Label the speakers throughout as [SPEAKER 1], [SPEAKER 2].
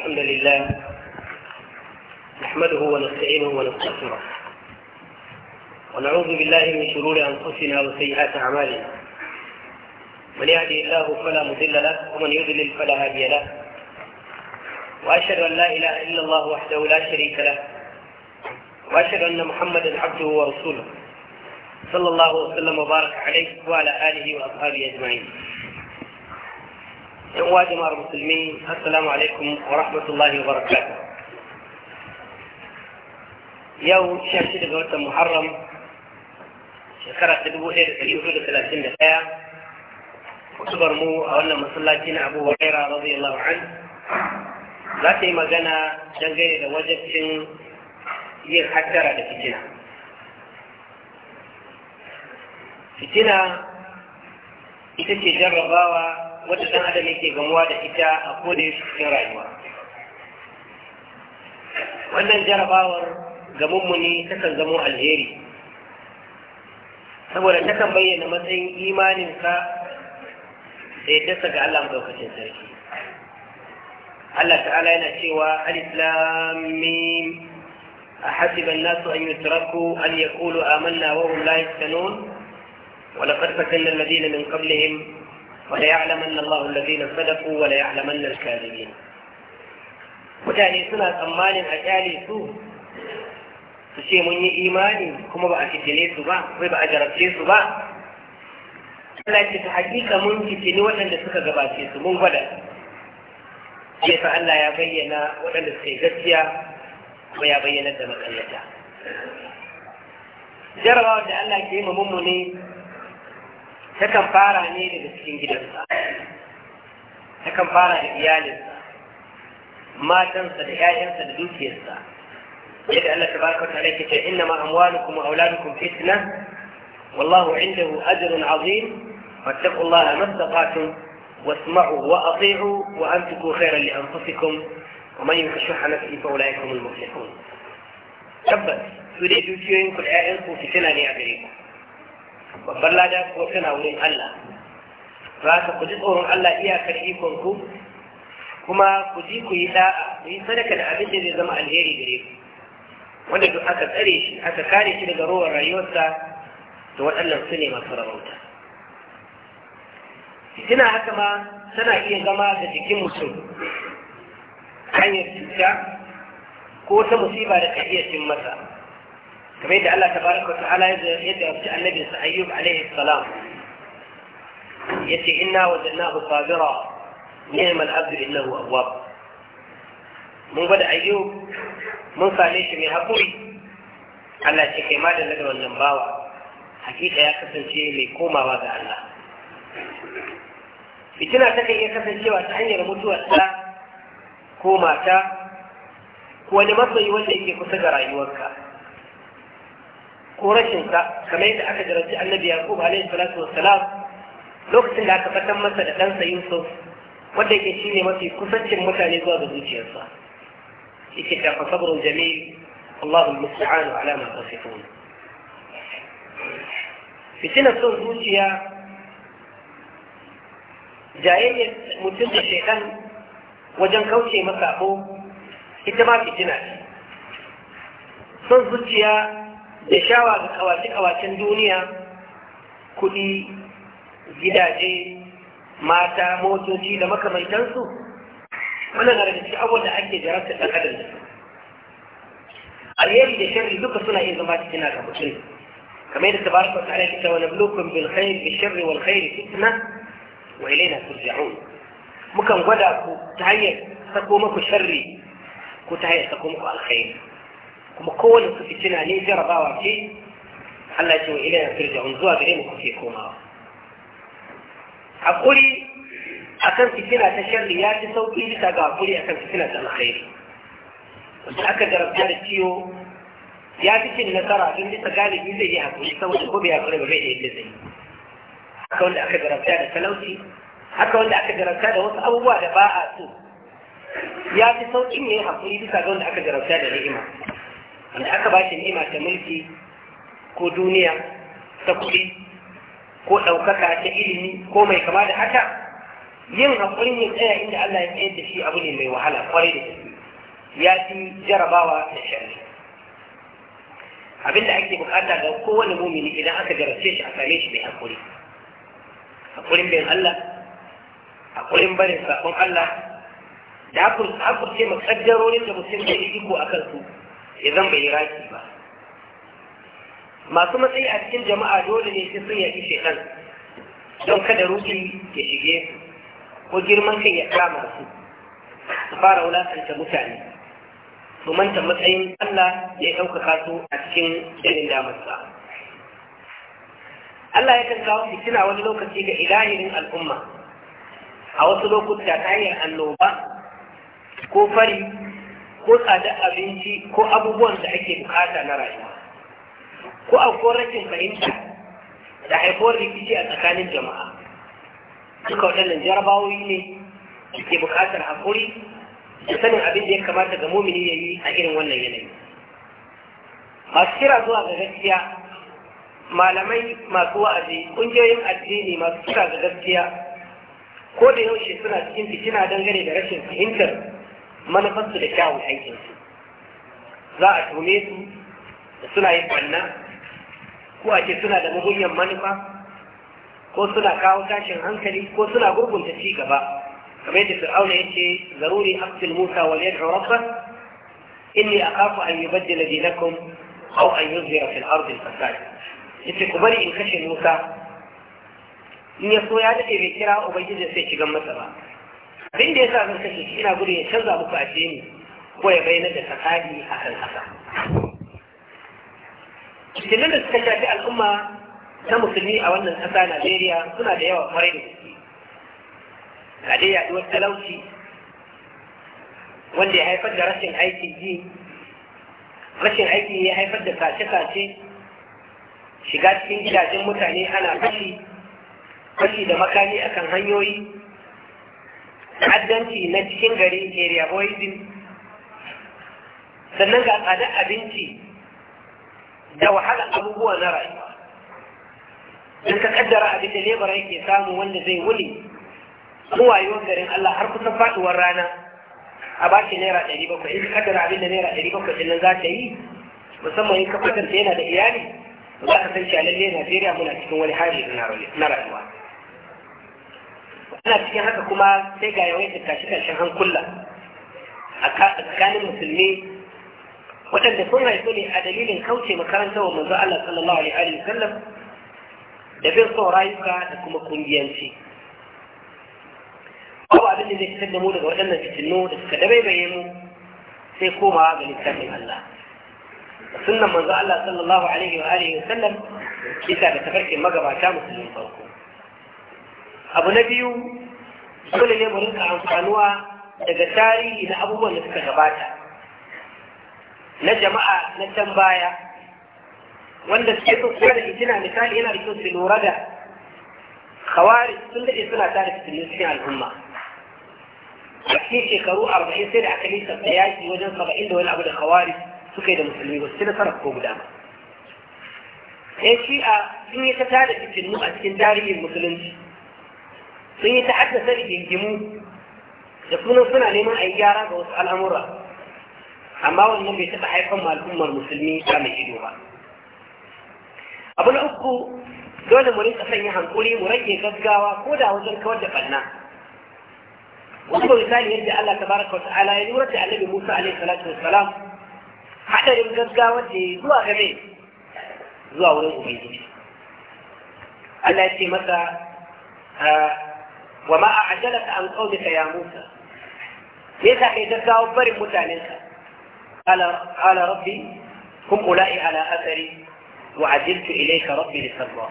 [SPEAKER 1] الحمد لله نحمده ونستعينه ونستغفره ونعوذ بالله من شرور أنفسنا وسيئات أعمالنا من يهدي الله فلا مضل له ومن يضلل فلا هادي له وأشهد أن لا إله إلا الله وحده لا شريك له وأشهد أن محمدا عبده ورسوله صلى الله وسلم وبارك عليه وعلى آله وأصحابه أجمعين uwa jama'ar musulmi assalamu alaikum wa rahmatullahi wa barakatuh yau sha shida ga watan muharram shekara ta dubu ɗaya da ɗari hudu da talatin da ɗaya kutubar mu a wannan masallaci na abu huraira radiyallahu an za ta yi magana dangane da wajabcin yin hattara da fitina fitina ita ce jarrabawa wata ɗan adam yake gamuwa da ita a koda cikin rayuwa wannan jarabawar ga mummuni takan zamo alheri saboda takan bayyana matsayin imaninsa da dasa ga Allah maɗaukacin sarki Allah ta'ala yana cewa alislamin أحسب الناس أن يتركوا أن يقولوا آمنا وهم لا يفتنون ولقد فتنا الذين من وليعلمن الله الذين صدقوا وليعلمن الكاذبين mutane suna tsammanin a kyale su su ce mun yi imani kuma ba a fitile su ba kai ba a jarabce su ba Allah ce ta hakika mun fitini waɗanda suka gabace su mun gwada ya fa Allah ya bayyana waɗanda suka yi gaskiya kuma ya bayyana da makallata jarabawa da Allah ke yi mummuni takan fara ne daga cikin gidansa takan fara da iyalinsa matansa da 'ya'yansa da dukiyarsa yadda Allah tabaraka wa ta'ala yake cewa innama amwalukum wa auladukum fitna wallahu indahu ajrun azim فاتقوا الله ما استطعتم واسمعوا واطيعوا وانفقوا خيرا لانفسكم ومن يوق شح نفسه فاولئك هم المفلحون تبت سوري دوكيوين كل ايه انكم في سنه ne a gare ku babban lada ko tana wurin Allah za ka ku ji tsoron Allah iyakar ikon ku kuma ku ji ku yi da'a ku yi sadaka da abin da zai zama alheri gare ku wanda duk aka tsare shi aka kare shi daga rowar rayuwarsa da waɗannan su ne masu rabauta fitina haka ma tana iya zama da jikin mutum hanyar cuta ko ta musiba da ka iya cin masa كما يدعى الله تبارك وتعالى يدعى النبي أيوب عليه السلام يتي إنا وجدناه صابرا نعم العبد إنه أواب من بدأ أيوب من صالح من هبوي الله يتكي ما من والنباوة حقيقة يا كسن شيء ليكوما وابع الله fitina ta kan iya kasancewa ta hanyar mutuwarsa ko mata ko wani matsayi wanda yake kusa da ko rashin sa kamar yadda aka jarabi annabi yaqub alaihi salatu wassalam lokacin da aka fatan masa da ɗansa yusuf wanda yake shine mafi kusancin mutane zuwa ga zuciyarsa yake ta fa sabrun jamil Allahu musta'an ala ma tasifun Fitina son zuciya jayayyar mutum da shekan wajen kauce masa ita ma fitina ce son zuciya da shawa ga kawace-kawacen duniya kudi gidaje mata motoci da makamaitansu wannan na daga cikin da ake jarabta ɗan adam da su alheri da sharri duka suna iya zama cikin nasa kamar yadda ta ba su ta alaƙi wani wani blokon bil khair bi sharri wal khair fitna wa ilaina turja'un mukan gwada ku ta hanyar sako maku sharri ko ta hanyar sako maku alkhairi kuma kowane su fitina ne jarabawa ce Allah ce wa ilayen firja'un zuwa gare mu kuke komawa hakuri akan fitina ta sharri ya fi sauƙi bisa ga hakuri akan fitina ta alkhairi wanda aka jarabta da ciwo ya fi cin nasara don bisa galibi zai yi hakuri saboda ko bai hakuri ba bai da yadda zai haka wanda aka jarabta da talauci haka wanda aka jarabta da wasu abubuwa da ba a so ya fi sauƙin ya yi hakuri bisa ga wanda aka jarabta da ni'ima wanda aka ba shi ni'ima ta mulki ko duniya ta kuɗi ko ɗaukaka ta ilimi ko mai kama da haka yin haƙurin yin tsaya inda Allah ya tsayar da shi abu ne mai wahala kwarai da gaske ya fi jarabawa da shari abinda ake bukata ga kowane mumini idan aka jarabce shi a same shi mai haƙuri haƙurin bayan Allah haƙurin barin saƙon Allah da haƙurce ƙaddarorin da mutum zai iko a kansu idan bai yi raki ba masu matsayi a cikin jama'a dole ne sun ishe kan don kada ruɗi ya shige su ko girman kai ya kama su su fara wulatanta mutane su manta matsayin Allah ya ɗaukaka su a cikin irin damarsa. Allah ya kan kawo fitina wani lokaci ga ilahirin al'umma a wasu lokuta ta hanyar annoba ko fari ko tsadar abinci ko abubuwan da ake bukata na rayuwa ko akwai rashin fahimta da haifuwar rikici a tsakanin jama'a duka waɗannan jarabawoyi ne da ke bukatar haƙuri da sanin abin da ya kamata ga mumini ya yi a irin wannan yanayi masu kira zuwa ga gaskiya malamai masu wa'azi ƙungiyoyin addini masu kira ga gaskiya ko da yaushe suna cikin fitina dangane da rashin fahimtar manufarsu da kyawun aikinsu za a tome su da suna yin ɓanna ko a ce suna da mugunyan manufa ko suna kawo tashin hankali ko suna gurgunta ci gaba kamar yadda fir'auna ya ce zaruri aqtil musa wal yad'u rabba inni akhafu an yubaddila dinakum aw an yuzhira fil ardi al-fasad yace ku bari in kashe musa in ya so ya dade bai kira ubangiji sai shigan masa ba abin da ya sa sun ce ina gudun ya canza muku a ni ko ya bayyana da fasadi a kan ƙasa fitinan da suka shafi al'umma na musulmi a wannan ƙasa najeriya suna da yawa kwarai da gaske Na dai yaɗuwar talauci wanda ya haifar da rashin aikin ji, rashin aiki ya haifar da sace-sace shiga cikin gidajen mutane ana fashi fashi da makami akan hanyoyi ta'addanci na cikin gari area boyzin sannan ga tsada abinci da wahala abubuwa na rayuwa in ka kaddara abin da lebara yake samu wanda zai wuli zuwayewar garin Allah har kusan faduwar rana a ba shi naira ɗari bakwai in ka kaddara abin da naira ɗari bakwai ɗin nan za ta yi musamman in ka kwatanta yana da iyali za ka san shi a lalle Najeriya muna cikin wani hali na rayuwa. ana cikin haka kuma sai ga yawaitar kashi kashin hankula a tsakanin musulmi waɗanda sun haifu ne a dalilin kauce makarantar wa manzo Allah sallallahu alaihi wa sallam da bin son rayuka da kuma kungiyanci babu abin da zai fitar da mu daga waɗannan fitinu da suka dabaibaye mu sai komawa ga littafin Allah sunnan manzo Allah sallallahu alaihi wa alihi wa sallam kisa da tafarkin magabata musulmin farko abu na biyu dole ne mu rinka amfanuwa daga tarihi na abubuwan da suka gabata na jama'a na can baya wanda suke so kuma da fitina misali yana da kyau su lura da kawari sun daɗe suna tare da cikin al'umma a cikin shekaru arba'in sai da aka nisa da yaƙi wajen saba'in da wani abu da kawari suka yi da musulmi ba su ci nasara ko guda ba sai shi'a sun yi ta tare da fitinu a cikin tarihin musulunci sun yi ta'addasa rigingimu da sunan suna neman a yi gyara ga wasu al'amura amma wannan bai taɓa haifan al'ummar musulmi ta mai ido ba abu na uku dole mu rinka sanya hankuri mu rage gaggawa ko da wajen kawar da ɓanna wasu misali yadda Allah tabaraka wa ta'ala ya lura da annabi Musa alaihi salatu Wa Salam, hadarin gaggawa da zuwa game zuwa wurin ubangiji Allah ya ce masa ah, وما أعجلك عن قومك يا موسى ليس حيثك أكبر متعلنك قال, قال ربي هم أولئي على أثري وعجلت إليك ربي لسرى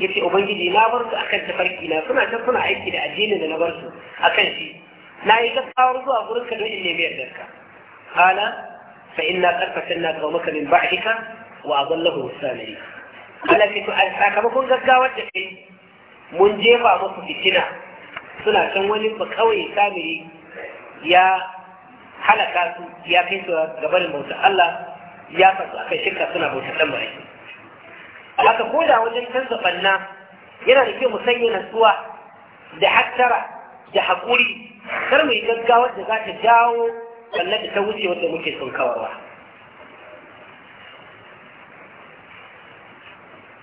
[SPEAKER 1] يتي أبنجي دي نابرت أكن تفرق إلا كما تكون عيك لأجين إلا نابرت أكن شيء لا يتبقى ورزو أبرزك إني بيعدك قال فإنا قد فتنا قومك من بعدك وأضلهم السامري قال فيك أرحاك بكون قد قاوتك mun jefa musu fitina suna can wani ba kawai samiri ya halaka su ya kai su gaban bauta Allah ya fasu a kai shirka suna bauta ɗan bari haka ko da wajen canza banna yana da kyau mu sanya natsuwa da hattara da haƙuri kar mu yi gaggawar da za ta jawo sannan da ta wuce wanda muke sun kawarwa.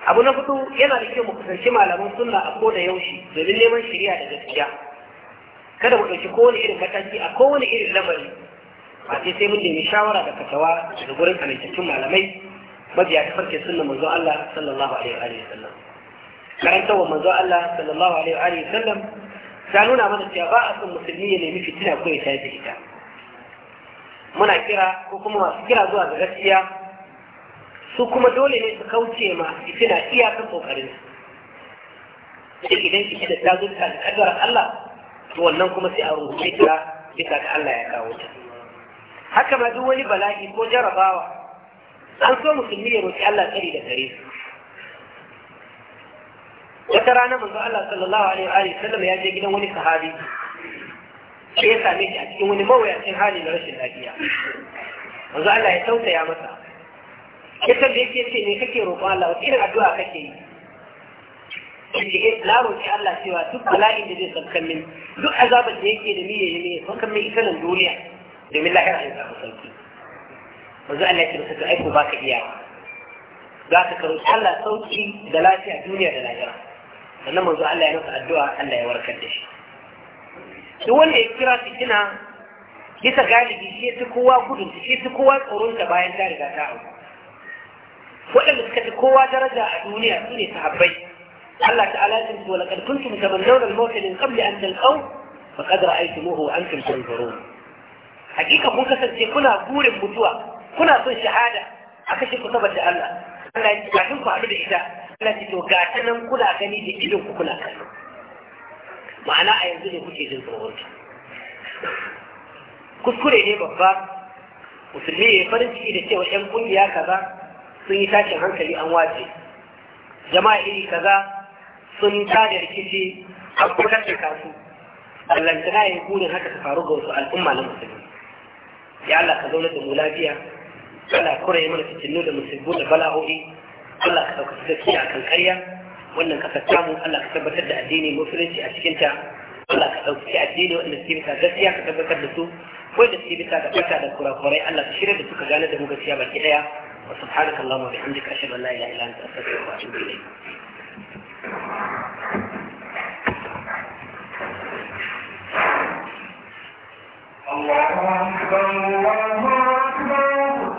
[SPEAKER 1] abu na hudu yana da kyau mu kusanci malaman sunna a koda yaushe domin neman shari'a da gaskiya kada mu ɗauki kowane irin mataki a kowane irin lamari ba sai sai mun nemi shawara da fatawa daga gurin amintattun malamai mabiya ta farke sunna manzo Allah sallallahu alaihi wa sallam wa manzo Allah sallallahu alaihi wa sallam ta nuna mana cewa ba a son musulmi ya nemi fitina ko ya tafi ita muna kira ko kuma masu kira zuwa ga gaskiya su kuma dole ne su kauce ma fitina iyakar kokarin su sai idan kike ta zo ta kadar Allah to wannan kuma sai a rubuce ta bisa ga Allah ya kawo ta haka ma duk wani bala'i ko jarabawa an so musulmi ya roki Allah tsari da gare su wata rana manzo Allah sallallahu alaihi wa sallam ya je gidan wani sahabi sai ya same shi a cikin wani mawuyacin hali na rashin lafiya manzo Allah ya tausaya masa yakan da yake ce ne kake roƙo Allah wata irin addu'a kake yi yace eh la roƙi Allah cewa duk bala'in da zai saukan min duk azabar da yake da ni yayi ne saukan min ita nan duniya domin lahira ya samu sauki manzo Allah ya ce masa to aiko baka iya za ka karo Allah sauki da lafiya duniya da lahira sannan manzo Allah ya nufa addu'a Allah ya warkar da shi duk wanda ya kira fitina bisa galibi shi ya kowa gudun shi ya kowa tsoron ta bayan ta riga ta auku وإلا كانت القوة درجة دنيا دنيا تعبي الله تعالى تنسوا لقد كنتم تمنون الموت من قبل أن تلقوا فقد رأيتموه وأنتم تنظرون حقيقة موسى كنا بور بطوة كنا صن شهادة أكشف كتابة الله أنا أعلمكم عبد إذا أنا تتوقعتنا كل أغني دي كل أغني معنى أن ذلك كنت تنظرون كذكري لي بفا وفي الليل فرنسي إذا تيوشم كل يا كذا sun yi tashin hankali an wace jama'a iri kaza sun tada rikici an kutar da kasu ballantana ya burin haka ta faru ga wasu al'umma na musulmi ya Allah ka zauna da mu lafiya Allah kura ya mana fitinu da musulmi da bala'o'i Allah ka ɗauka gaskiya a kan karya wannan ka samu Allah ka tabbatar da addini musulunci a cikinta Allah ka ɗauki addini wanda suke bisa gaskiya ka tabbatar da su wanda suke bisa da ɓata da kurakurai Allah ka shirya da suka gane da mu gaskiya baki ɗaya وسبحانك اللهم وبحمدك أشهد أن لا إله إلا أنت أستغفرك وأتوب إليك الله أكبر الله أكبر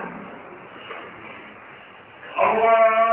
[SPEAKER 1] الله